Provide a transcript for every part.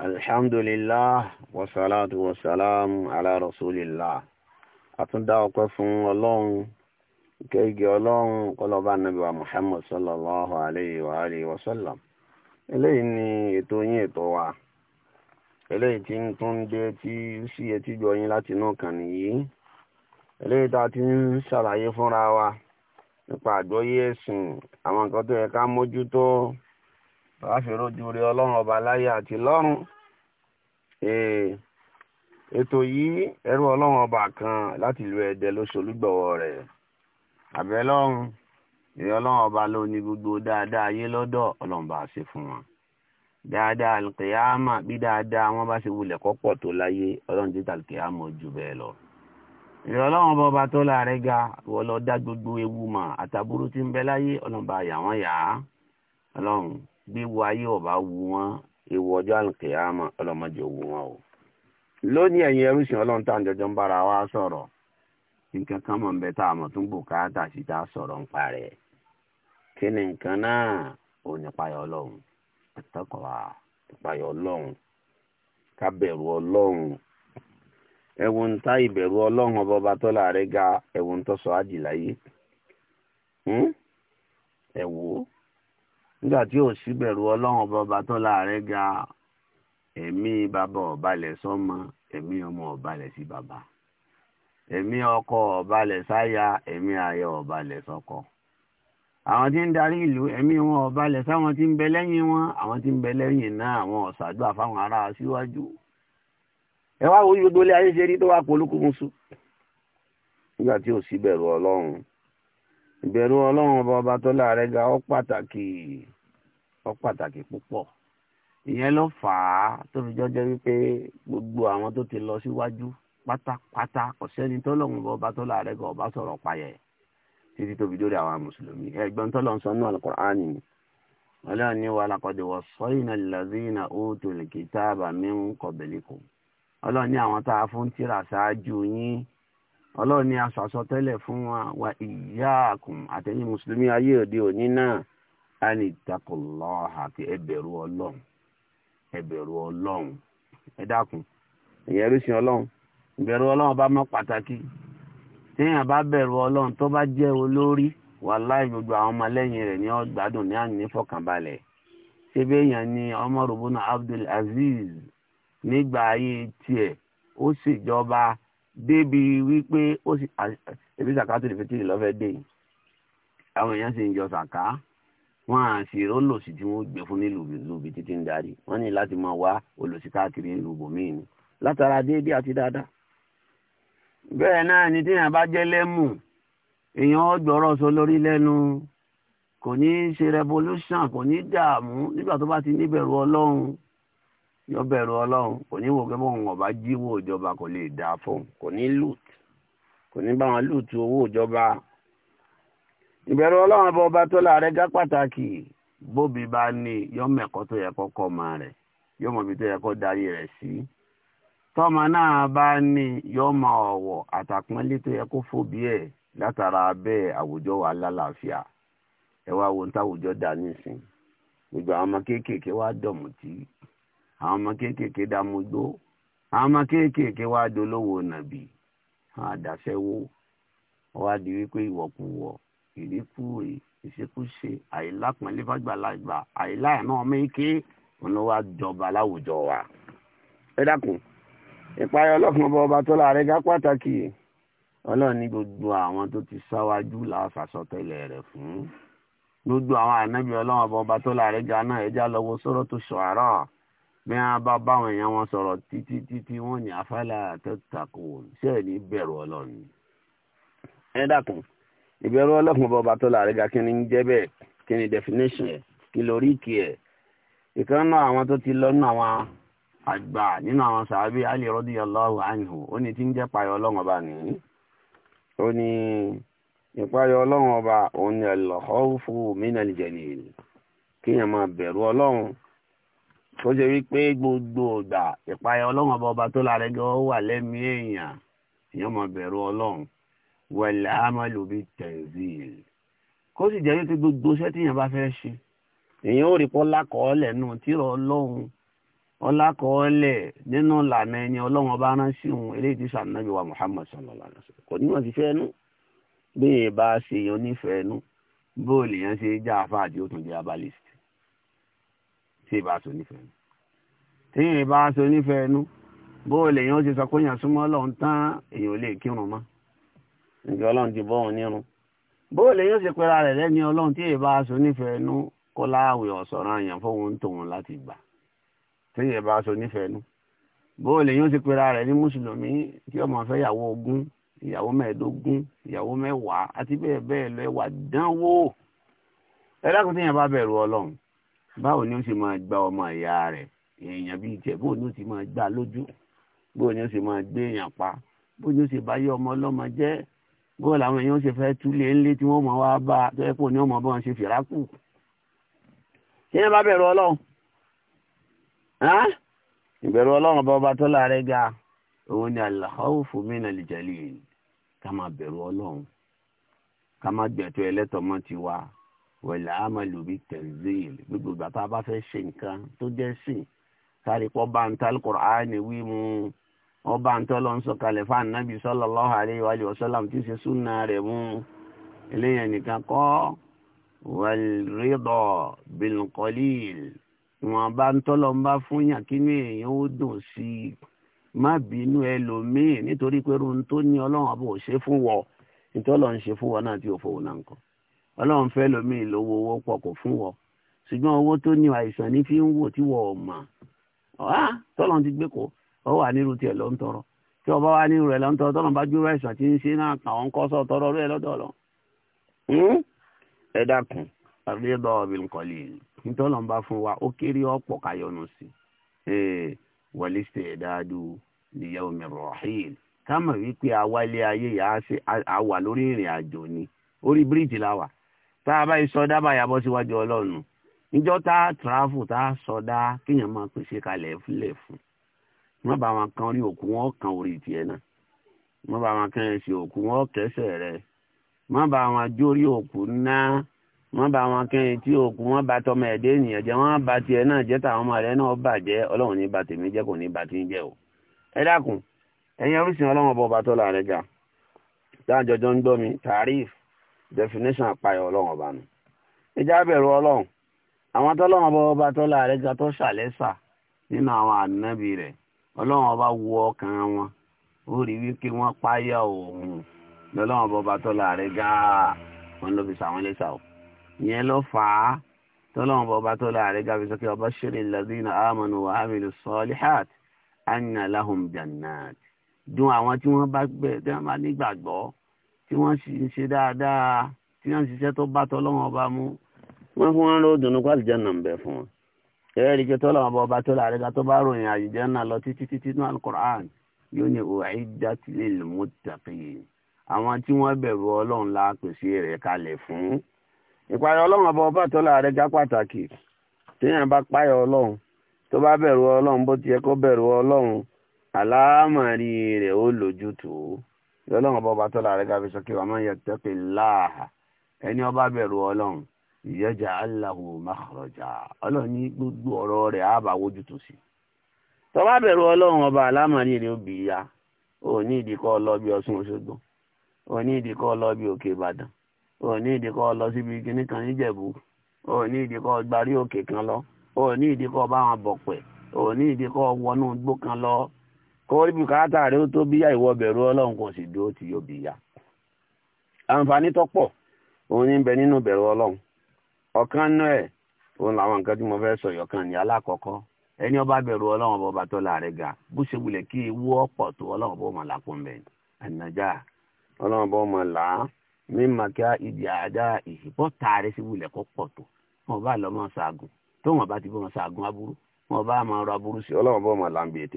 alhamdulillah wasalatu wasalam ala rasulillah atúndá ọpẹ́ fún ọlọ́run kéèké ọlọ́run kọlọba nàbíwá muhammad sallallahu alayhi wa alayhi wa sallam eléyìí ni ètò yín ètò wa eléyìí tí ń tún dé tí sí etí gbọ́ yín láti inú kan nìyí eléyìí tá a ti ń ṣàlàyé fúnra wa nípa àgbọ́yé ẹ̀sìn àwọn nǹkan tó yẹ ká mójútó wàá fi rojú rí ọlọ́run ọba láyé àti lọ́run ètò yìí ẹrú ọlọ́run ọba kan láti ìlú ẹ̀dẹ ló ṣolúgbọ̀wọ́ rẹ̀ àbẹ́lọ́run ìrẹ́ ọlọ́run ọba ló ní gbogbo dáadáa ayé lọ́dọ̀ ọlọ́run bá ṣe fún wọn dáadáa alkiyama bí dáadáa wọn bá ṣe wulẹ̀ kọ́pọ̀ tó láyé ọlọ́run títà alkiyama ojú bẹ́ẹ̀ lọ ìrẹ́ ọlọ́run bọba tó láàrẹ́ ga wọ́n lọ dá gbogbo ewu mọ̀ àtàbúrú tí ń bẹ láyé ọlọ́run bá yà wọ́n yà á ọlọ́run bí wo ayé ọba wu wọn ewu ọjọ́ àlùkìyàmọ̀ ọlọ́mọdé wu wọn o lónìí ẹ̀yin ẹrú sìn ọlọ́run tá à ń jọjọ ń bára wa sọ̀rọ̀ nǹkan kan mọ̀ nbẹ tá a mọ̀ tún bùkátà sí tá a sọ̀rọ̀ ń parẹ́ kí ni nǹkan náà ò ní payọ̀ ọlọ́run àtọkọ̀wá ìpayọ̀ ọlọ́run ká bẹ̀rù ọlọ́run ń ta ìbẹ̀rù ọlọ́run ọba tó láàrẹ́ ga ẹ̀wọ̀n tó sọ àjìláyé hm? ẹ̀wọ̀ nígbà tí ò sí bẹ̀rù ọlọ́run bọba tó láàrẹ́ ga ẹ̀mí bàbá ọ̀balẹ̀ sọ́mọ ẹ̀mí ọmọ ọ̀balẹ̀ sí bàbá ẹ̀mí ọkọ ọ̀balẹ̀ sáya ẹ̀mí aya ọ̀balẹ̀ sọ́kọ. àwọn tí ń darí ìlú ẹ̀mí wọn ọ̀balẹ̀ sáwọn tí ń bẹ lẹ́yìn wọn àwọn tí ń bẹ lẹ́yìn náà àwọn ọ̀sàdúrà fáwọn ará síwájú. ẹ wá wo gbogbo ilé ayé ṣe rí tó wá polúkúmuṣu nígbà tí ò sí bẹ̀rù ọlọ́run ìbẹ̀rù ọlọ́run ọba ọba tó láàrẹ ga ó pàtàkì ó pàtàkì púpọ̀ ìyẹn ló fà á tó fi jọjọ wípé gbogbo àwọn tó ti lọ síwájú pátápátá ọ̀sẹ́ni tọ́lọ́run ọba ọba tó láàrẹ ga ọba sọ̀rọ̀ payẹ̀ títí tóbi lórí àwọn mùsùlùmí ẹ̀gbọ́n tọ́lọ́run sọ náà Al-Qur'ani ni ọlọ́run ní wa laqad waṣṣayna allazina utul kitaba min qablikum ọlọ́run ní àwọn tá a fún tírà ọlọ́run ni aṣàṣọ tẹ́lẹ̀ fún wa wa iyyakum àtẹ̀yìn mùsùlùmí ayé òde òní náà á ní ittaqullaha àti ẹ bẹ̀rù ọlọ́run ẹ bẹ̀rù ọlọ́run ẹ dákun ìyẹn ló sin ọlọ́run ìbẹ̀rù ọlọ́run bá mọ́ pàtàkì téèyàn bá bẹ̀rù ọlọ́run tó bá jẹ́ olórí wàláhì gbogbo àwọn ọmọlẹ́yìn rẹ̀ ní ọgbàdùn ní àná nífọ̀kànbalẹ̀ ṣébí èèyàn ni ọmọ ibn Abdul Aziz nígbà ayé tiẹ̀ ó ṣèjọba débi wípé ó sì ẹbí sàká tó lè fi tìrì lọ́fẹ́ dé àwọn èèyàn sì ń jọ sàká wọn à sì rólòsì tí wọn gbé fún nílùú lùbí títí ń darí wọn ní láti máa wá olòsì káàkiri nílùú bòmíì ni látara déédé àti dáadáa bẹ́ẹ̀ náà ni téèyàn bá jẹ́ lẹ́mù èèyàn ọgbọ̀rọ̀ sọ lórí lẹ́nu kò ní í ṣe revolution kò ní í dààmú nígbà tó bá ti níbẹ̀rù ọlọ́run yóò bẹ̀rù ọlọ́run kò ní wò kẹ́mọ́ ọ̀hún ọba jíwó ìjọba kò lè dá fún kò ní lùt kò ní bá wọn lùt owó ìjọba. ìbẹ̀rù ọlọ́run ọba ọba tó láàrẹ̀ gá pàtàkì bóbi bá ní yóò tó yẹ kọ́ ọmọ rẹ̀ mọ ẹkọ tó yẹ darí rẹ̀ sí. tọ́mọ náà bá ní yóò ọ̀wọ̀ àtàpọ́nlé tó yẹ kó fòbí ẹ̀ látara bẹ́ẹ̀ àwùjọ wà lálàáfíà ẹ wá wo ní àwọn ọmọ kéékèèké dámúgbó àwọn ọmọ kéékèèké wá dolówó nàbì àwọn àdáṣẹ́wó wá di wípé ìwọ̀kuwọ̀ ìríkúrè ìṣekúṣe àìlápọ̀nlé fàgbàlagbà àìláàánú ọmọ ike òun ló wá jọba láwùjọ wa. ẹ dákun ìpayọ ọlọ́kùnrin ọba ọba tó láàrẹ gá pàtàkì ọlọ́run ní gbogbo àwọn tó ti sáwájú láàfàsọtẹ́lẹ̀ rẹ̀ fún gbogbo àwọn ànábì ọlọ́run ọba ọba tó láàrẹ gá náà ẹja lọ́wọ́ sọ́rọ́ tó ṣọ̀ àárọ̀ bí wọn bá báwọn èèyàn wọn sọ̀rọ̀ títí títí wọn ní afálà àtẹtàkùn ṣe é ní bẹ̀rù Ọlọ́run ẹ dákun ìbẹ̀rù Ọlọ́run bọba tó láàrin ga kí ń jẹ bẹ́ẹ̀ kí definition ẹ kí lórí kí ẹ ìkan náà àwọn tó ti lọ nínú àwọn àgbà nínú àwọn sàábì Ali radiyallahu anhu ó ní tí ń jẹ payọ Ọlọ́run ọba nìyí ó ní ìpayọ Ọlọ́run ọba òun ni al-khawfu min al-jalil kéèyàn máa bẹ̀rù Ọlọ́run tó ṣe pé gbogbo ìgbà ìpayà ọlọ́run ọba ọba tó lára ẹgbẹ́ ọ wà lẹ́mí èèyàn èèyàn mọ̀ bẹ̀rù ọlọ́run wẹ̀lẹ̀ amalu bi kó sì jẹ́ wípé gbogbo iṣẹ́ bá fẹ́ nínú ìlànà ẹni ọlọ́run ọba òun ti wa sallallahu kò ti fẹ́ nú bí tí ì bá aṣọ nífẹ̀ẹ́ nu tí ì bá aṣọ nífẹ̀ẹ́ nu bó o lè yàn ó ti sọ pé yàn súnmọ́ ọlọ́run tán èèyàn ò lè kírun mọ́ nígbà ọlọ́run ti bọ́ òun nírun bó o lè yàn ó ti pera rẹ̀ lẹ́ni ọlọ́run tí ì bá aṣọ nífẹ̀ẹ́ nu kó láàwẹ̀ ọ̀sọ̀rọ̀ àyàn fóun tóun láti gbà tí ì bá nífẹ̀ẹ́ nu bó o lè yàn ó ti pera rẹ̀ ní mùsùlùmí tí ọmọ fẹ́ yàwó ogún ìyàwó mẹ́ẹ̀ẹ́dógún ìyàwó mẹ́wàá àti bẹ́ẹ̀ bẹ́ẹ̀ lọ ẹwà dánwò ẹ dákun tí yẹn bá bẹ̀rù ọlọ́run báwo ni ó ṣe máa gba ọmọ ìyá rẹ̀ èèyàn bíi tiẹ̀ bóun ni ó ti máa gbá lójú bóun ni ó ṣe máa gbé èèyàn pa bóun ni ó ṣe bá yé ọmọ ọlọ́mọ jẹ́ bóun làwọn èèyàn ṣe fẹ́ túlé ńlé tí wọ́n mọ̀ wá bá a tó yẹ kó ní ọmọ bá wọn ṣe fìrákù. ṣé ẹ bá bẹ̀rù ọlọ́run ìbẹ̀rù ọlọ́run bá ọba tó láàrẹ́ ga òun ni al-khawfu min al-jalil ká máa bẹ̀rù ọlọ́run ká máa gbẹ̀tọ́ ẹlẹ́tọ̀ọ́ mọ́ tiwa wẹ̀lẹ̀ amalubi tẹ̀síìl gbogbo ìgbà tá a bá fẹ́ ṣe nǹkan tó jẹ́ sìn sáré pọ́ bá ń tẹ́lẹ̀ kùránì wí mu wọ́n bá ń tọ́lọ́ ń sọ kalẹ̀ fún anabi sallallahu alayhi wa sallam tí ṣe súnà rẹ̀ mu eléyàn nìkan kọ́ wẹ̀lrídọ̀ bilqalil wọn bá ń tọ́lọ́ ń bá fún yàn kí ni èèyàn ó dùn sí i má bínú ẹlòmíì nítorí pé irun tó ní ọlọ́run àbò ṣe fún wọ nítorí ọlọ́run ṣe fún wọ náà tí ò fowó náà ń kọ́. ọlọ́run fẹ́ lómi ìlówó owó pọ̀ kò fún wọ ṣùgbọ́n owó tó ní àìsàn ní fi ń wò tí wọ́n ò mọ̀ ti gbé ọ wà nírú tiẹ̀ ló ń tọrọ tí ọba nírú rẹ̀ ló ń tọrọ bá gbé àìsàn tí ń ṣe náà tọrọ rẹ̀ lọ́dọ̀ lọ. Hmm? ẹ dákun bá fún wa ó kéré ọ̀pọ̀ káyọnu sí wọlé ṣe níyàwó mi rọ̀hìn ká mọ̀ wípé ayé lórí la wà tá a bá yìí síwájú ọlọ́run níjọ́ tá ma tìráfù tá sọdá kéèyàn máa pèsè fún wọn bá wọn kan orí òkú wọn kan orí náà wọn bá wọn kan ẹsẹ̀ òkú wọn kẹsẹ̀ rẹ̀ wọn bá wọn jórí òkú náà wọn bá wọn kan etí òkú wọn bá tọmọ ẹ̀dẹ́ ènìyàn wọn bá náà táwọn ọmọ náà ní ba tèmi kò ba ń o ẹ dákun orísun ọba definition àpáyọ ọlọ́run ọba nù ìjà bẹ̀rù ọlọ́run àwọn tọ́lọ́run ọba ọba ga tó ṣàlẹ́sà nínú àwọn ànábì rẹ̀ ọlọ́run ọba wo ọkàn wọn ó rí wípé wọ́n páyà òun lọ́lọ́run ọba ọba tọ́lá ga wọn o ìyẹn ló ọba ọba ga ọba wa dùn àwọn tí wọ́n bá gbẹ tí wọ́n sì ń ṣe dáadáa tí wọ́n ń ṣiṣẹ́ tó bá tọ́lọ́wọ́n ọba mú wọ́n fún wọn lóò dùnú pàlì jẹ́ nàá ń bẹ̀ fún wọn. ẹ̀rẹ́ rí i pé tọ́lọ́wọ́n ọba tó láàrin ká tó bá ròyìn àyíjẹ́ náà lọ títí títí ní alukur'an yóò ní u'iddat lil muttaqin àwọn tí wọ́n bẹ̀rù ọlọ́run la pèsè rẹ̀ kalẹ̀ fún. ìparí ọlọ́run ọba ọba tó láàrin ká pàtàkì téèyàn bá páyọ̀ ọlọ́run tó bá bẹ̀rù ọlọ́run bó ti yẹ kó bẹ̀rù ọlọ́run àlámọ̀rí rẹ̀ ó lójútùú lọ́lọ́run ọba ọba tọ́lá rẹ̀ gàfi sọ́kè wàmọ́ yẹ tẹ́kì láàhà ẹni ọba bẹ̀rù ọlọ́run ìyẹ́jà aláhù mákàrọ̀jà ọlọ́run ní gbogbo ọ̀rọ̀ rẹ̀ àbá wójútó sí. tọ́ba bẹ̀rù ọlọ́run ọba alámọ̀rí rẹ̀ òbí ya ò ní ìdíkọ́ lọ bí Ọ̀ṣun Òṣogbo ò ní ìdíkọ́ lọ bí Òkè Ìbàdàn ò ní ìdíkọ́ lọ síbi kíní kan níjẹ̀bú ò ní ìdíkọ́ gbarí òkè kan lọ ò ní ìdíkọ́ báwọn bọ̀pẹ̀ ò ní ìdíkọ́ wọnú igbó kan lọ o rí bùkátà rẹ ó tó bíyà ìwọ bẹ̀rù ọlọ́run kò sì dúró tí yóò bíyà àǹfààní tó pọ̀ òun ní bẹ nínú bẹ̀rù ọlọ́run ọ̀kan nú ẹ̀ òun làwọn nǹkan tí mo fẹ́ sọ yọ̀kan ní alákọ̀ọ́kọ́ ẹni ọba bá ọlọ́run ọba ọba tó ga bó ṣe kí ewu tó làkún là á kí ìdí àdá sí kó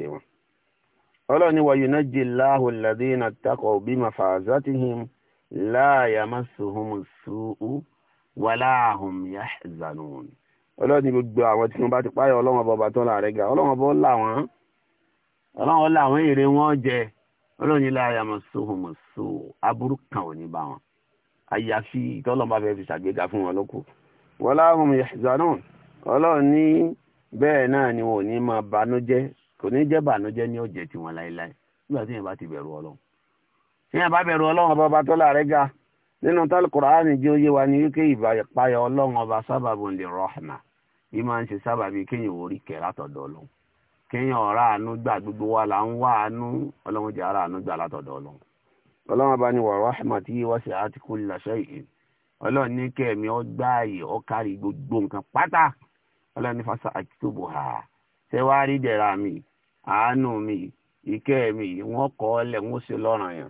tó ọlọ́ni wa yunajji Allahu alladhina ttaqaw bi mafazatihim la yamassuhumu su'u wala hum yahzanun ọlọ́ni gbogbo àwọn tí wọ́n bá ti páyọ̀ ọlọ́run ọba ọba tó ń láàrẹ́ ga ọlọ́run ọba ó là wọ́n èrè wọn jẹ ọlọ́ni la yamassuhumu su'u aburú kan ò ní bá wọn àyàfi ìtọ́lọ́run bá fẹ́ fi ṣàgbéga fún wọn lóko wala hum yahzanun ọlọ́ni bẹ́ẹ̀ náà ni wọn ò ní máa banújẹ́ kò ní jẹ́ bànújẹ́ ní ọ̀jẹ̀ tiwọn láéláé nígbà tí yẹn bá ti bẹ̀rù ọlọ́run tí yẹn bá bẹ̀rù ọlọ́run ọba ọba tọ́lá nínú tọ́lá kùránì jẹ́ oyé wa ní ìbáyọ̀ ọlọ́run ọba sábàbù yìí máa ń ṣe sábàbí kéèyàn orí kẹ̀ látọ̀dọ̀ ọlọ́run kéèyàn ọ̀rá àánú gbà gbogbo wa là ń wá àánú ọlọ́run jẹ́ ara àánú gbà látọ̀dọ̀ ọlọ́run ọlọ́run ọba ní ṣé wàá rí dẹ̀ra mi àánú mi ìkẹ́ mi wọ́n kọ́ ọ lẹ̀ wọ́n ṣe lọ́ràn yẹn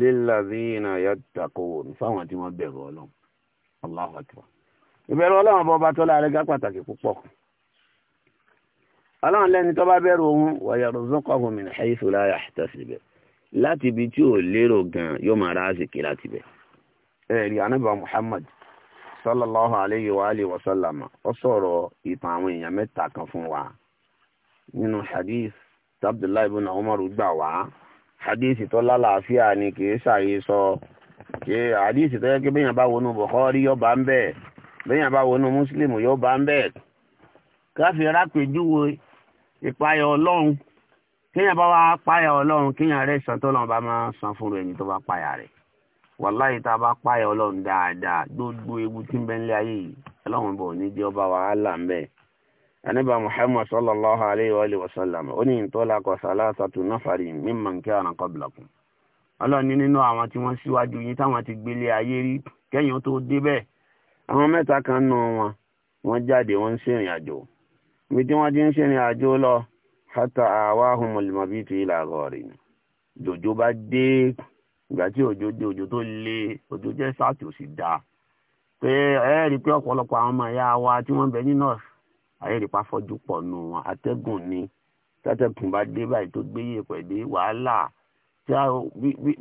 lílàdínà yàtàkùn fáwọn tí wọ́n bẹ̀rù ọlọ́run Allahu ìbẹ̀rù ọlọ́run bọ́ bá tọ́lá rẹ̀ gá pàtàkì púpọ̀ ọlọ́run lẹ́ni tó bá bẹ̀rù láti ibi tí ò lérò gan yóò máa ra láti bẹ̀. ẹ̀rí anábà Muhammad sallallahu alayhi wa sallam sọ̀rọ̀ ìtàn nínú hadith abdullahi ibn umar gbà wá hadith tó lálàáfíà ni kì í ṣàyè sọ ṣe hadith tó yẹ kí bẹ́yàn bá wọnú bukhari yóò bá ń bẹ̀ bẹ́yàn bá wọnú muslim yóò bá ń bẹ̀ káfí rápèjúwe ìpayà ọlọ́run kéèyàn bá wá páyà ọlọ́run kéèyàn rẹ̀ sàn tó lọ́n bá máa san fún ẹni tó bá páyà rẹ̀ wàláyé tá a bá páyà ọlọ́run dáadáa gbogbo ewu tí ń bẹ nílé ayé yìí ọlọ́run bọ̀ ní jẹ́ ọba wàhálà ń bẹ́ẹ̀ anaba muhammad sallallahu alayhi wa alihi wa sallam ó ní ìtọ́lákọ̀ sàlásàtù náfàrí mimman kana qablakum ọlọ́ni nínú àwọn tí wọ́n síwájú yín táwọn ti gbélé ayé rí kẹ́yìn tó débẹ̀ àwọn mẹ́ta kan nù wọn wọ́n jáde wọ́n ń ṣèrìn àjò ibi tí wọ́n ti ń ṣèrìn àjò lọ hatta awahumul mabitu ila gharin jòjò bá dé ìgbà tí òjò dé òjò tó ayélujára fọjú pọ̀ nù wọn atẹ́gùn ni tátẹ́gùn bá dé báyìí tó gbé yẹ pẹ̀lú wàhálà tí a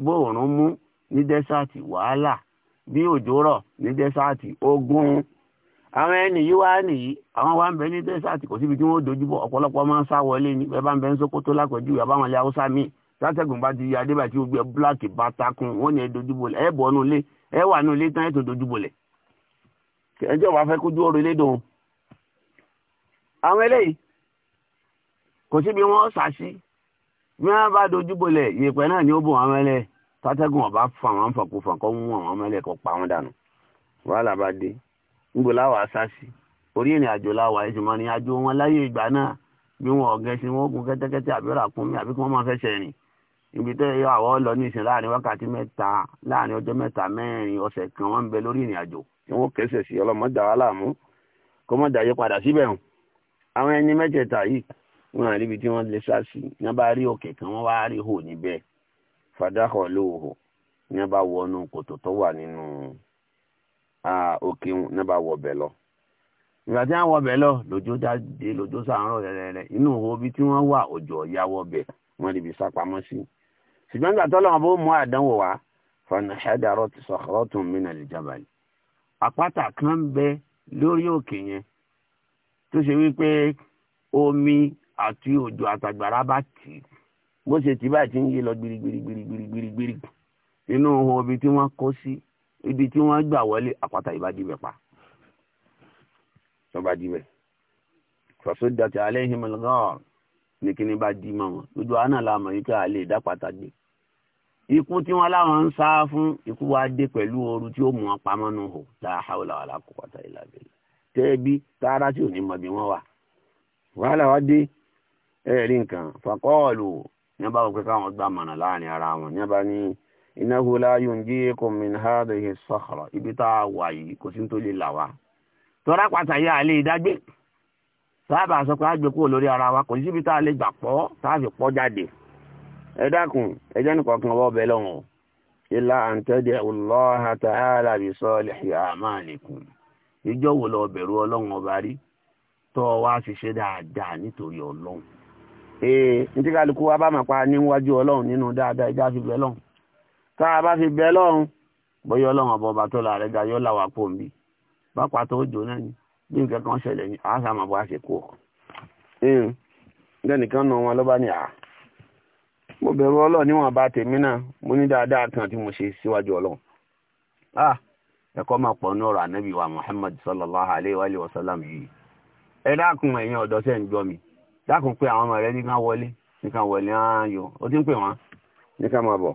bóòrùn mú ní dẹ́sáàtì wàhálà bí òjò rọ̀ ní dẹ́sáàtì ogun àwọn ẹni yìí wá nìyí àwọn wa ń bẹ ní dẹ́sáàtì kò síbi tí wọ́n dojú bọ̀ ọ̀pọ̀lọpọ̀ máa ń sá wọlé ní bẹ́ẹ̀ bá ń bẹ ń Sókótó lápẹ̀jùwẹ̀ àbáwọn ilé haúsá míì látẹ̀gùn bá ti yọ adébà tí gbogbo ẹ búláàkì bá takùn wọ́n ní ẹ dojúbolẹ̀ ẹ bọ̀ ọ́nú ilé ẹ wà nú ilé tán ẹ tún dojúbolẹ̀ ẹjọ́ wa fẹ́ kójú ọ̀rọ̀ ilé dùn àwọn eléyìí kò síbi wọn sà sí bí wọn bá dojú bolẹ̀ yèèpẹ̀ náà ni ó bò wọn mẹ́lẹ̀ tátẹ́gùn ọba fà wọn fàkó fà kọ́ mú wọn mẹ́lẹ̀ kó pa wọn dànù wàhálà bá dé ńgbò láwàá sá sí orí ìrìn àjò láwàá ìjùmọ̀ ní àjò wọn láyé ìgbà náà bí wọn ọ̀gẹ́ sí wọn ogun kẹ́tẹ́kẹ́tẹ́ àbí ràkúnmí àbí kí wọ́n máa fẹsẹ̀ rìn ibi tó yẹ àwọ̀ lọ ní ìsìn láàrin wákàtí mẹ́ta láàrin ọjọ́ mẹ́ta mẹ́rin ọ̀sẹ̀ kan wọ́n ń bẹ lórí ìrìn àjò tí wọ́n sí ọlọ́mọdà wàhálà mú kó mọ̀dà yí padà síbẹ̀ hàn àwọn ẹni mẹ́tẹ̀ẹ̀ta yìí wọn àríbi tí wọ́n lè sá sí ní bá rí òkè kan wọ́n wá rí hò níbẹ̀ fàdákọ̀ lóhùn ní bá wọnú kòtò tó wà nínú òkè ní bá wọ bẹ̀ lọ ìgbà tí wọ́n wọ bẹ̀ lọ lójó jáde lójó sàárọ̀ rẹ̀rẹ̀rẹ̀ inú òhò ibi tí wọ́n wà òjò ọ̀yá wọ bẹ̀ wọ́n ríbi sá sí ṣùgbọ́n ìgbà tó lọ́wọ́ bó mú àdánwò wá fanahadaro ti mí tó ṣe wípé omi àti òjò àtàgbàrá bá tì í bó ṣe tì báyìí ti ń yí lọ gbirigbirigbirigbirigbiri inú ohun ibi tí wọ́n kó sí ibi tí wọ́n gbà wọlé àpáta ìbàdìbẹ̀ pa sọba dìbẹ̀ fọ̀sọ́ dàtí alẹ́ himalgọ́ọ̀ ní kíní bá di mọ́ wọn lójú àánà làmọ̀ yìí pé a lè dá pátá gbé ikú tí wọ́n láwọn ń sá fún ikú wa dé pẹ̀lú ooru tí ó mú wọn pamọ́ nù hù la hawla wala quwwata illa billah tẹ́ẹ̀bí tààrà tí ò ní mọ̀bí wọn wà wàhálà wá dé ẹ̀rí nǹkan fàkọ́ọ̀lù ní bá wọ́n pé káwọn gbà mọ̀nà láàrin ara wọn ní bá ní innahu la yunjikum min hadhihi ibi tá a wà yìí kò sí tó là wá tọ́ra pàtàkì àlè ìdágbé sábà sọ pé àgbẹ̀ kúrò lórí ara wa kò sí ibi a lè gbà fi pọ́ jáde ẹ dákun ẹ jẹ́ nìkan kan ìjọ wo lọ bẹ̀rù ọlọ́run ọba rí tọ́ ọ wá ṣiṣẹ́ dáadáa nítorí ọlọ́run ee ntí kálukú wa bá máa pa níwájú ọlọ́run nínú dáadáa ìjà fi bẹ́ẹ̀ lọ́hùn tá a bá fi bẹ́ẹ̀ lọ́hùn bóyá ọlọ́run ọba ọba tó la rẹ̀ ga yọ́ làwà pò ń bí pápá tó jò náà ni bí nǹkan kan ṣẹlẹ̀ ni àá sàmà bó a ṣe kú ọ. lẹ́nìkan nà wọn ló bá ní à mo bẹ̀rù ọlọ́run níwọ̀n tèmi náà mo ní dáadáa kan tí mo ṣe síwájú ọlọ́run ẹ̀kọ́ máa pọ̀ ní ọ̀rọ̀ ànábì wa Muhammad sallallahu alayhi wa sallam yìí ẹ dákun ẹ̀yin ọ̀dọ́ sẹ́ ń gbọ́ mi dákun pé àwọn ọmọ rẹ ní kán wọlé ní kán wọlé áyọ ó ti ń pè wọ́n ní ká máa bọ̀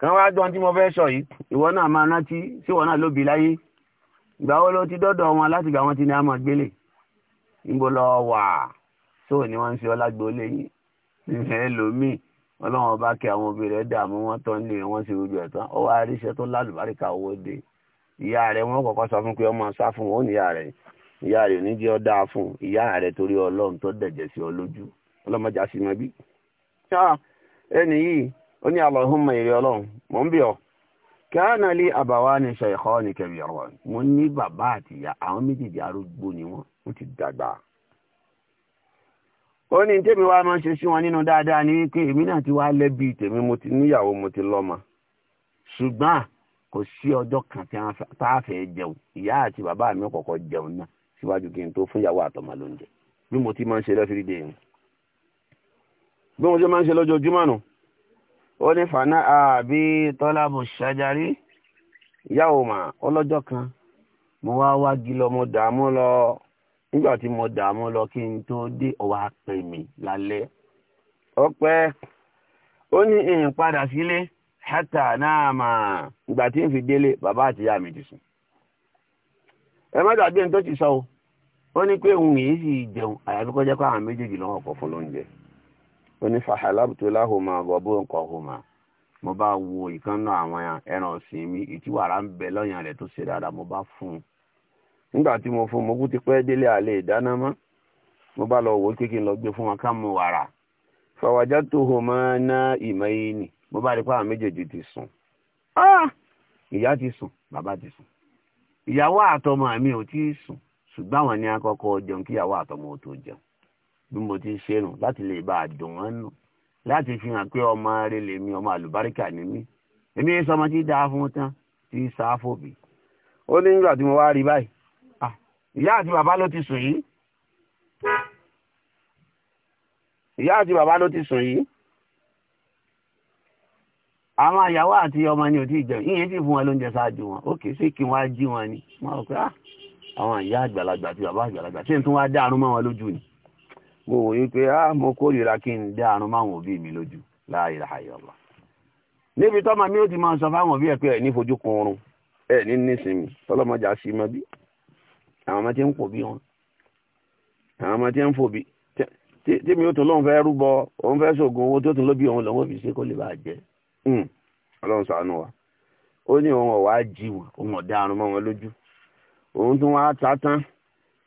kán wá gbọ́n tí mo fẹ́ sọ yìí ìwọ náà máa rántí sí ìwọ náà lóbi láyé ìgbà wo ló ti dọ́dọ̀ wọn láti gbà wọn ti ní àmọ́ gbélé níbo lọ wà sóò ni wọ́n ń ṣe ọlágbó lẹ́yìn ẹlòmíì ọlọ́run kí àwọn obìnrin dààmú wọn tán lé wọn ṣe ojú ẹ̀tàn ọwọ́ àríṣẹ́ tó lálùbáríkà owó dé ìyá rẹ̀ wọ́n kọ́kọ́ sọ fún pé ọmọ sá fún òun ìyá rẹ ìyá rẹ̀ òní jẹ́ ọ̀dà fún ìyá rẹ̀ torí ọlọrun tó dẹ̀jẹ̀ sí ọ lójú ọlọ́mọjà sí mọ bí. ẹni yìí ó ní Allahumma èrè ọlọ́run mò ń bì ọ́ kana li abawani shaykhani kabiran mo ní bàbá àti ìyá àwọn méjèèjì arúgbó ni wọn wọ́n ti dàgbà ó ní tèmi wá máa ṣe sí wọn nínú dáadáa ní wípé èmi náà ti wá lẹ́bi tèmi mo ti níyàwó mo ti lọ́mọ ṣùgbọ́n kò sí ọjọ́ kan tí a fẹ́ jẹun ìyá àti bàbá mi kọ́kọ́ jẹun náà síwájú kí n tó fún ìyàwó àtọmọ lóúnjẹ bí mo ti máa ń ṣe lẹ́fìrí dé yẹn bí mo ti máa ń ṣe lójoojúmọ́ nù ó ní fana àbí tọ́lábù ṣájarí ìyàwó mà ọlọ́jọ́ kan mo wá wági lọ mo dààmú lọ nígbà tí mo dààmú lọ kí n tó dé ọwọ́ apẹ̀ mi lálẹ́ ọpẹ́ ó ní ìyìn padà sílé. Si hata náà máa ìgbà tí ń fi délé bàbá àti ìyá mi ti sùn. ẹ má dàbí ẹni tó ti sọ ó ní pé òun yìí sì jẹun àyàfi kọjá pé àwọn méjèèjì lọ́wọ́ ọkọ̀ fún lóúnjẹ ó ní fàhálàbùtò láhùnmá bọ̀bú nǹkan ọ̀hùnmá mo bá wo ìkan náà àwọn ẹran ọ̀sìn mi ìtí wàrà ń bẹ mo bá fún un nígbà fún un mo kú ti pẹ́ délé àlẹ́ ìdáná mọ́ mo bá lọ wò fún wọn ká wàrà fàwájà tó bó bá rí pé àwọn méjèèjì ti sùn ah! ìyá ti sùn bàbá ti sùn ìyàwó àtọmọ mi ò tí ì sùn ṣùgbọ́n àwọn ni akọ́kọ́ jẹun kí ìyàwó àtọmọ ò tó jẹun bí mo ti ṣe nù láti lè bá a dùn wọ́n nù láti fi hàn pé ọmọ rẹ lèmi ọmọ àlùbáríkà ni mí èmi yẹn sọmọ tí dáa fún tán tí sáfòbí ó ní nígbà tí mo wá rí báyìí ah, ìyá àti bàbá ló ti sùn yìí ìyá àti bàbá ló ti sùn yìí àwọn àyàwó àti ọmọ ni ò tí jẹun ìyẹn tí fún wọn ló ń jẹ ṣáájú wọn ó kìí sí kí wọn á jí wọn ni wọn rò pé á ah, àwọn ìyá àgbàlagbà àti bàbá àgbàlagbà tí n tún wá dá àrùn mọ́ wọn lójú ni mo wòye pé á ah, mo kórìíra kí n dá àrùn máwọn òbí mi lójú la ilaha illallah níbi tọ́mọ mi ó ti máa sọ fáwọn òbí ẹ̀ pé ẹ̀ ní fojú kun oorun ẹ̀ ní nísìnyí tọ́lọ́mọjà sí mọ́ bí àwọn ọmọ tí ń pò wọn àwọn ọmọ tí ń fò Hmm. ọlọ́run ṣàánú wa ó ní òun ọ̀wá jíwò òun ọ̀daràn mọ́ wọn lójú òun tún wá ta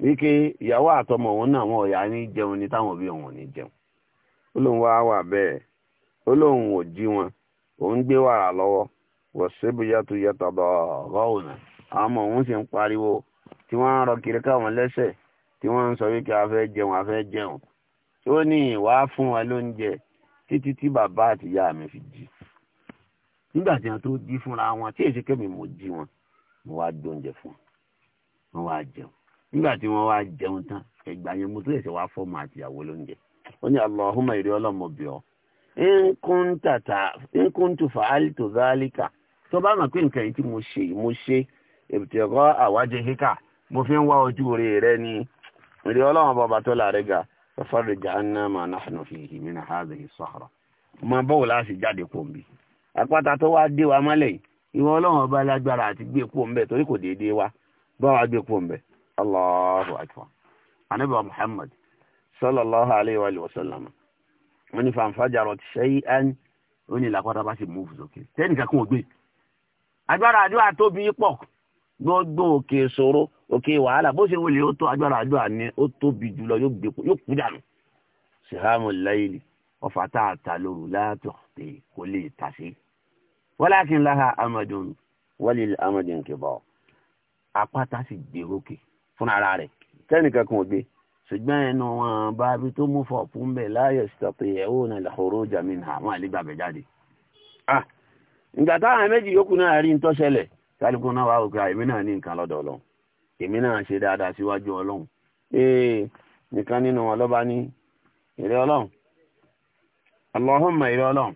wíkẹ́ ìyàwó àtọmọ òun náà wọn ọ̀yà ní jẹun ní táwọn òbí òun ní jẹun ó lóun wá wà bẹ́ẹ̀ ó lóun ò jí wọn òun gbé wàrà lọ́wọ́ wọ́n ṣébù yàtọ̀ yàtọ̀ bọ̀ ọ̀rọ̀ òun àwọn ọmọ òun sì ń pariwo tí wọ́n ń rọ kiri káwọn lẹ́sẹ̀ tí wọ́n ń sọ jẹun ó ní ìwà fún mi fi jí nígbà tí wọn tó jí fúnra wọn tí èsì kẹ́mi mo jí wọn mo wá gbóúnjẹ fún wọn wá jẹun nígbà tí wọn wá jẹun tán ẹgbà yẹn mo tó lè ṣe wá fọmọ àtìyàwó lóúnjẹ ó ní Allahumma èrè ọlọ́mọ bì ọ́ in kuntu fa'altu zalika tó bá mọ̀ pé nǹkan yìí tí mo ṣe mo ṣe èbùtẹ̀kọ́ àwájẹ́híkà mo fi ń wá ojú rere rẹ ni èrè ọlọ́mọ bàbá tó láre ga àpáta tó wá dé wa mọ́lẹ̀ yìí ìwọ ọlọ́run ọba lágbára àti gbé epo ń bẹ̀ torí kò déédéé wa bá wa gbé epo ń bẹ̀ Allahu wa Muhammad sallallahu alayhi wọn ni fanfajarọ ti ṣe ẹn ó ní làpáta bá sì mú sókè agbára àdúrà tóbi gbogbo òkè ìṣòro òkè wàhálà bó ṣe wọlé ó tó agbára àdúrà ni ó tóbi jùlọ yóò gbé yóò kú ta lóru látọ̀ kò lè tà walakin laha amadun walil amadun kìbọ̀ apáta sì gbé òkè fún ara rẹ̀ tẹ́nìkan kan ò gbé ṣùgbọ́n ẹnu wọn bá bí tó mú fọ̀ fún bẹ́ẹ̀ láyọ̀ sítọ̀pì ẹ̀hó ní ìlàkóró jamin àwọn àlégbàgbẹ́ jáde. Ah, ìgbà táwọn méjì yòókù náà rí ń tọ́ṣẹlẹ̀ kálukú náà wà òkè ah, èmi náà ní nǹkan lọ́dọ̀ ọlọ́run èmi náà ṣe dáadáa síwájú ọlọ́run ee eh, nìkan nínú wọn lọ́ba ní ìrẹ́ ọlọ́run Allahumma ìrẹ́ ọlọ́run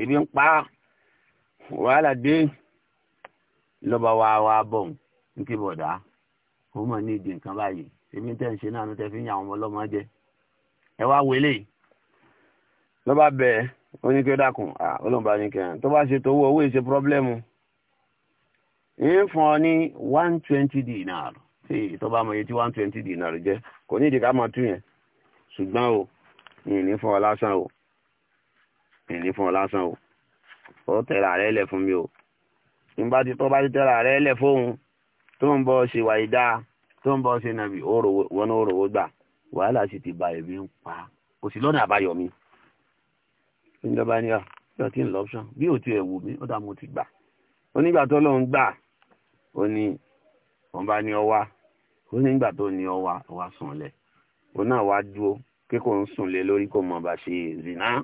ebi ń pa wàhálà dé lọ́ba wa wa bọ̀ ń kí bọ̀dá ó mọ̀ ní ìdí nǹkan báyìí ebi ń tẹ̀ ń ṣe náà ló tẹ̀ fi ń yà àwọn ọmọ ọlọ́mọ jẹ ẹ wá wọlé lọ́ba bẹ̀ẹ́ ó ní kí ó dákun ọlọ́mọba ní kẹrin tó bá ṣe tó owó owó ìṣe pírọ́blẹ́mù ń fún ọ ní one twenty dinar tí tó bá mọ iye tí one twenty dinar jẹ́ kò ní ìdí ká mọ̀ tún yẹn ṣùgbọ́n o ní ìní fún ọ lásán o ìní fún ọ lásán o ó tẹ̀ra rẹ lẹ̀ fún mi o tí n bá ti tọ́ bá ti tẹ̀ra rẹ lẹ̀ fóun tó ń bọ́ ṣe wà ìdá tó ń bọ́ ṣe nàbì wọn ò rówó gbà wàhálà sì ti ba èmi ń pa kò sí lọ́nà àbáyọ mi ìjọba ni ah, yóò ti ń lọ ṣan bí òtí ẹ̀ wù mí ó dá mo ti gbà onígbà tó lóun gbà ó ní wọn bá ní ọwá ó ní ìgbà tó ní ọwá ọwá sùn lẹ òun náà wá dúró pé ń sùn lé lórí kò mọ bá ṣe zina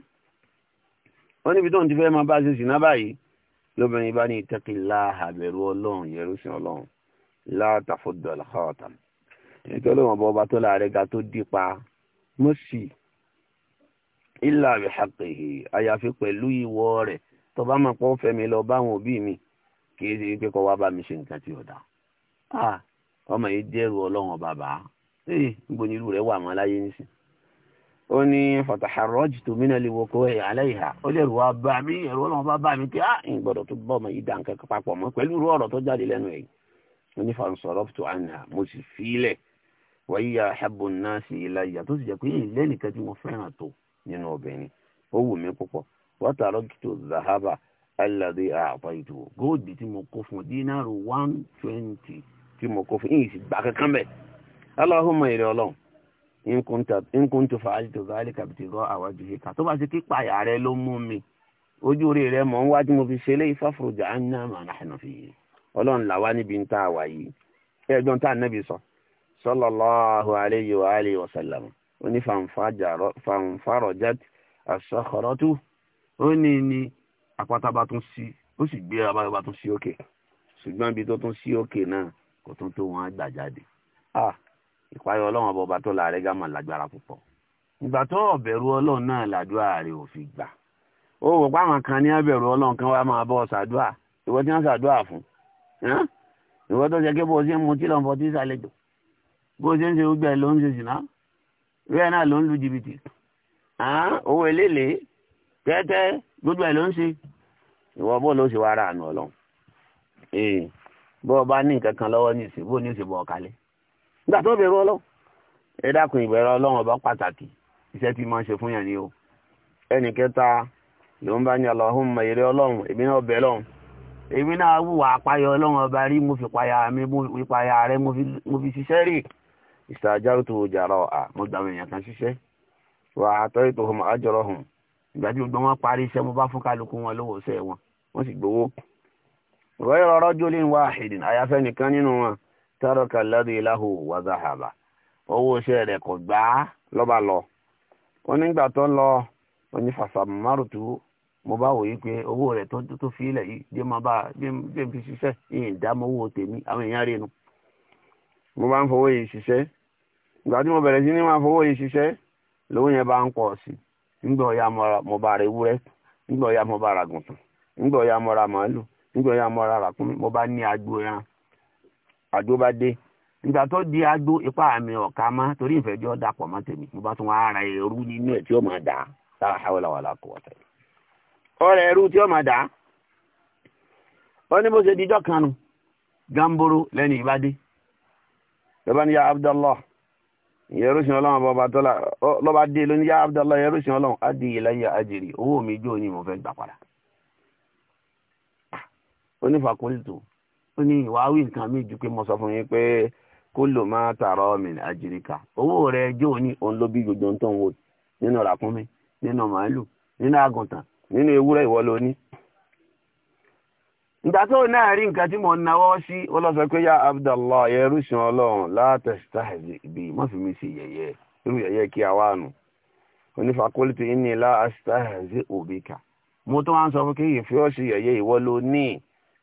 wọ́n níbi tó ń ti fẹ́ máa bá ṣe sìnà báyìí lóbìnrin bá ní ìtẹ́kìlá àbẹ̀rù ọlọ́run yẹrùsìn ọlọ́run látàfọ́dọ̀ àlàkàwàtà nítorí ọlọ́run ọba ọba tó láàrẹ ga tó dípa mọ́sì ilà rẹ̀ hàpèhè àyàfi pẹ̀lú ìwọ rẹ̀ tó bá máa pọ́ fẹ́mi lọ báwọn òbí mi kì í ṣe pé kọ́ wá bá mi ṣe nǹkan tí ọ̀dà ah, ọmọ yìí dẹ́rù ọlọ́run ọba bàá ee irú rẹ̀ wà mọ́ láyé nísìnyí ó ní fọ̀tàhárọ́jì tó mìíràn lè wọ́kọ́ ẹ̀ aláìhà ó lè rúwa bá mi ẹ̀rọ ọlọ́run bá bá mi pé á ń tó bọ́ ọmọ yìí dá nǹkan papọ̀ mọ́ pẹ̀lú irú ọ̀rọ̀ tó jáde lẹ́nu mo sì wáyé ya ahabu náà sí ilá ìyá tó sì jẹ́ pé ilé nìkan tí mo fẹ́ràn tó nínú obìnrin ó wù mí púpọ̀ fọ̀tàhárọ́jì zahaba aládé nkún tó fàájì tó záàlì kàbìtìgọ́ àwájú ìka tó bá ti kí payà rẹ ló mú mi ojú rí rẹ mọ̀ ń wá tí mo fi ṣe léyìí fáfurujá anna ma nahnu fi yìí ọlọ́run làwa níbi ń tá a wà yìí ẹ̀gbọ́n tá a nẹ́bi sọ sallallahu alayhi wa alihi wa sallam ó fanfarojat as ó ní ní àpáta bá tún sí ó sì gbé abáyọ bá tún sí òkè ṣùgbọ́n ibi tó tún sí òkè náà kò tún tó wọn àgbà jáde. Ah, ìpayọ ọlọ́run ọba ọba tó láàrẹ gàmà lágbára púpọ̀ ìgbà tó ọbẹ̀rù ọlọ́run náà làdúrà rẹ ò fi gbà ó wò pa àwọn kan ní ẹbẹ̀rù ọlọ́run kan wá máa bọ́ ṣàdúà ìwọ tí wọ́n ṣàdúà fún ìwọ tó jẹ́ pé bó ṣe ń mutí lọ́n fọtí ṣàlejò bó ṣe ń ṣe gbẹ ló ń ṣe ṣìnà bẹ́ẹ̀ náà ló ń lu jìbìtì owó eléèlé tẹ́tẹ́ gbogbo ẹ̀ ló ń ṣe ìwọ bó ló ṣe wá ra àánú ọlọ́run bó o bá ní nǹkan kan lọ́wọ́ ní ìsìn bó o ní ìsìn bọ̀ ọ̀kalẹ̀ nígbà tó bẹ̀rù ọlọ́run ẹ dákun ìbẹ̀rù ọlọ́run ọba pàtàkì iṣẹ́ tí máa ń ṣe fún yàn ni o ẹnì kẹta ló ń bá ní Allahumma èrè ọlọ́run èmi náà bẹ̀ lọ́run èmi náà wùwà apáyọ ọlọ́run ọba rí mo fi payà mi mo payà rẹ mo fi ṣiṣẹ́ rè ìṣàjárò tó jàrọ̀ à mo gbà àwọn èèyàn kan ṣiṣẹ́ wà á tọ́ ètò ọmọ àjọrọ̀ hàn ìgbà tí gbogbo wọn parí iṣẹ́ mo bá fún kálukú wọn lówó iṣẹ́ wọn wọ́n sì gbowó. ìwé ìrọ̀rọ̀ wá àyàfẹ́ nìkan nínú wọn tárọ̀kà lọ́dún ìlàhùn wàzàhàbà owó iṣẹ́ rẹ̀ kò gbà á lọ́ba lọ. ó nígbà tó ń lọ oní fàṣàmù márùtù mo bá wòye pé owó rẹ̀ tó tó fi ilẹ̀ yìí dé máa bá dé fi ṣiṣẹ́ ìyìn ìdámọ́ owó tèmi àwọn èèyàn rẹ̀ nu. mo bá ń fowó yìí ṣiṣẹ́ ìgbà tí mo bẹ̀rẹ̀ sí ní máa fowó yìí ṣiṣẹ́ lówó yẹn bá ń pọ̀ sí nígbà mo bá àjò bá dé tó di agbó ipá àmì ọ̀ka torí ìfẹ́jọ́ dàpọ̀ mọ́ tèmi mo bá tún wá ara ẹ̀rú nínú ẹ̀ tí ó máa dà la hawla wala quwwata ọ̀rọ̀ ẹ̀rú tí ó máa dà ó ní bó ṣe dijọ́ kan gamboro lẹ́nu ìbádé lọ́ba ya Abdallah ìyẹrùsìn ọlọ́run di ó ní ìwáwí nǹkan mi ju pé mo sọ fún yín pé kó lò má tààrọ mi àjìríkà owó rẹ jó ní òun ló bí gbogbo tó ń wò nínú ràkúnmí nínú màálù nínú àgùntàn nínú ìwọ ló ní. ìgbà tó náà rí nǹkan tí mo náwó sí ó lọ sọ pé ya Abdallah látẹsítàìsì bí fi mi irú kí a nù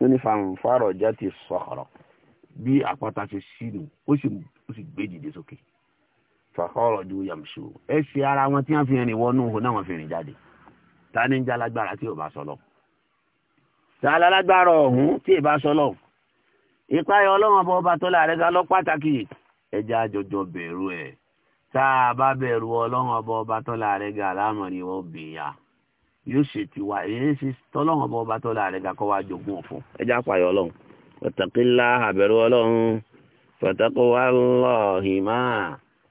ló ní fanfàrọ̀ jẹ́ ti sọ̀rọ̀ bí àpáta ṣe sínú ó sì ó sì gbé jìde sókè fàkọ́rọ̀ ju yamṣu ẹ ṣe ara wọn tí wọ́n fi rìn wọnú òhun náà wọ́n fi rìn jáde ta ni ń já lágbára tí ò bá sọ lọ ta lálágbára ọ̀hún tí ì bá sọ ipa ẹ ọlọ́wọ́n bọ́ ọba tó láàrẹ́ ga lọ pàtàkì ẹja àjọjọ bẹ̀rù ẹ̀ tá a bá bẹ̀rù ọlọ́wọ́n bọ́ ọba tó láàrẹ́ ga aláàmọ̀ ni wọ́n bìyà. yóò ṣe tiwa èyí ṣe ọba tọ́lá rẹ̀ gàkọ́ wa jogún ọ̀fọ̀ ẹjẹ́ àpàyọ ọlọ́run ọ̀tàkìlá àbẹ̀rù ọlọ́run fọ̀tàkọ́ wa lọ hìmá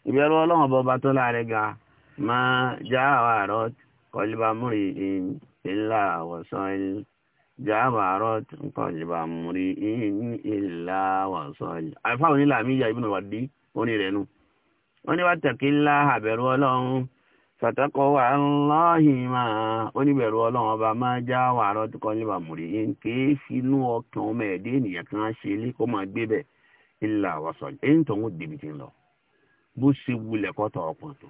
ìbẹ̀rù ọlọ́run ọba ọba tọ́lá rẹ̀ ga máa já àwọn àrọ́ kọlíbàmúrì ìlà àwọ̀sán já àwọn onílà mi nù wọ́n ní wàá àbẹ̀rù fàtàkọ́ wà ńláhìn máa oníbẹ̀rù ọlọ́run ọba máa já wà rọ́dúkọ́ níbà múrí ń ké sínú ọkàn ọmọ ẹ̀dẹ́ ènìyàn kan ṣe lé kó máa gbé bẹ̀ ilà wàsàn ẹ̀yìn tó ń débi ti ń lọ bó ṣe wulẹ̀ kọ́tọ̀ ọ̀pọ̀ tó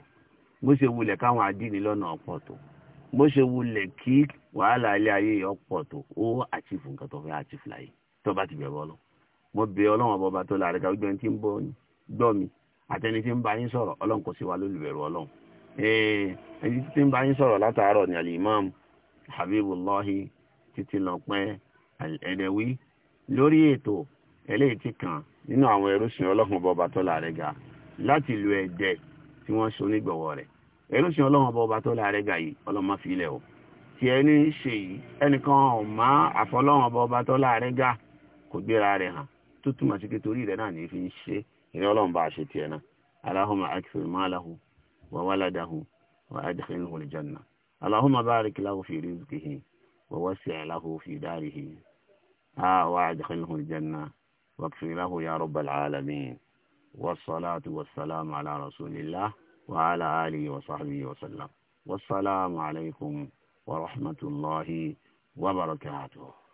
bó ṣe wulẹ̀ káwọn adínì lọ́nà ọ̀pọ̀ tó bó ṣe wulẹ̀ kí wàhálà ilé ayé ọ̀pọ̀ tó ó àtìfù nǹkan tó fẹ́ àtìfù Eh, ẹni títí ń bá yín sọ̀rọ̀ látàárọ̀ ni alimam habibullahi títí lọ pẹ́ ẹ̀dẹ̀wí lórí ètò eléyìí ti kàn nínú àwọn ẹrúsìn ọlọ́run bọba tó láàrẹ ga láti ìlú ẹ̀dẹ̀ tí wọ́n so nígbọ̀wọ́ rẹ̀ ẹrúsìn ọlọ́run bọba tó láàrẹ ga yìí ọlọ́mọ fi ilẹ̀ o tí ẹni ṣe yìí ẹnìkan ọ̀má àfọlọ́run bọba tó láàrẹ ga kò gbéra rẹ̀ hàn tó túmọ̀ sí pé torí rẹ̀ náà ní fi ń ṣe ìrẹ́ ọlọ́run bá a ṣe tiẹ̀ náà aláhùnmá akífẹ́ máa láhùn وولده وأدخله الجنة اللهم بارك له في رزقه ووسع له في داره آه وأدخله الجنة واكفر له يا رب العالمين والصلاة والسلام على رسول الله وعلى آله وصحبه وسلم والسلام عليكم ورحمة الله وبركاته